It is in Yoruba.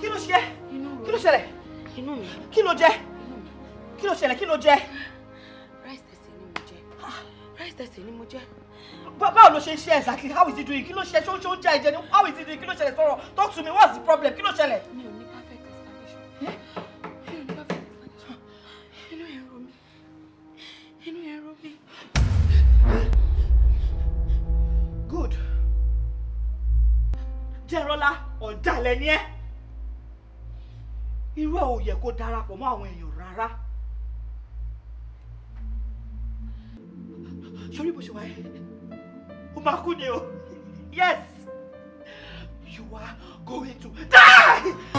kí ló ṣe kí ló ṣẹlẹ̀ kí ló jẹ kí ló ṣẹlẹ̀ kí ló jẹ. rice tẹ̀sí ni mo jẹ ah. rice tẹ̀sí ni mo jẹ. báwo ló ṣe ń ṣe exactly how is he doing kí ló ṣe ṣó ṣó ń jẹ ẹ̀jẹ̀ ni how is he doing kí ló ṣẹlẹ̀ sọ̀rọ̀ talk to me what's the problem kí ló ṣẹlẹ̀. mi ò ní perfect explanation mi perfect explanation inú ẹ̀ ń ro mi inú ẹ̀ ro mi. good Jẹ́rọ́lá ọ̀dàlẹ̀ ni ẹ́ irú ẹ̀ ò yẹ kó darapọ̀ mọ́ àwọn èèyàn rárá. sori bó ṣe wáyé o máa kú ni o yes you are going to die.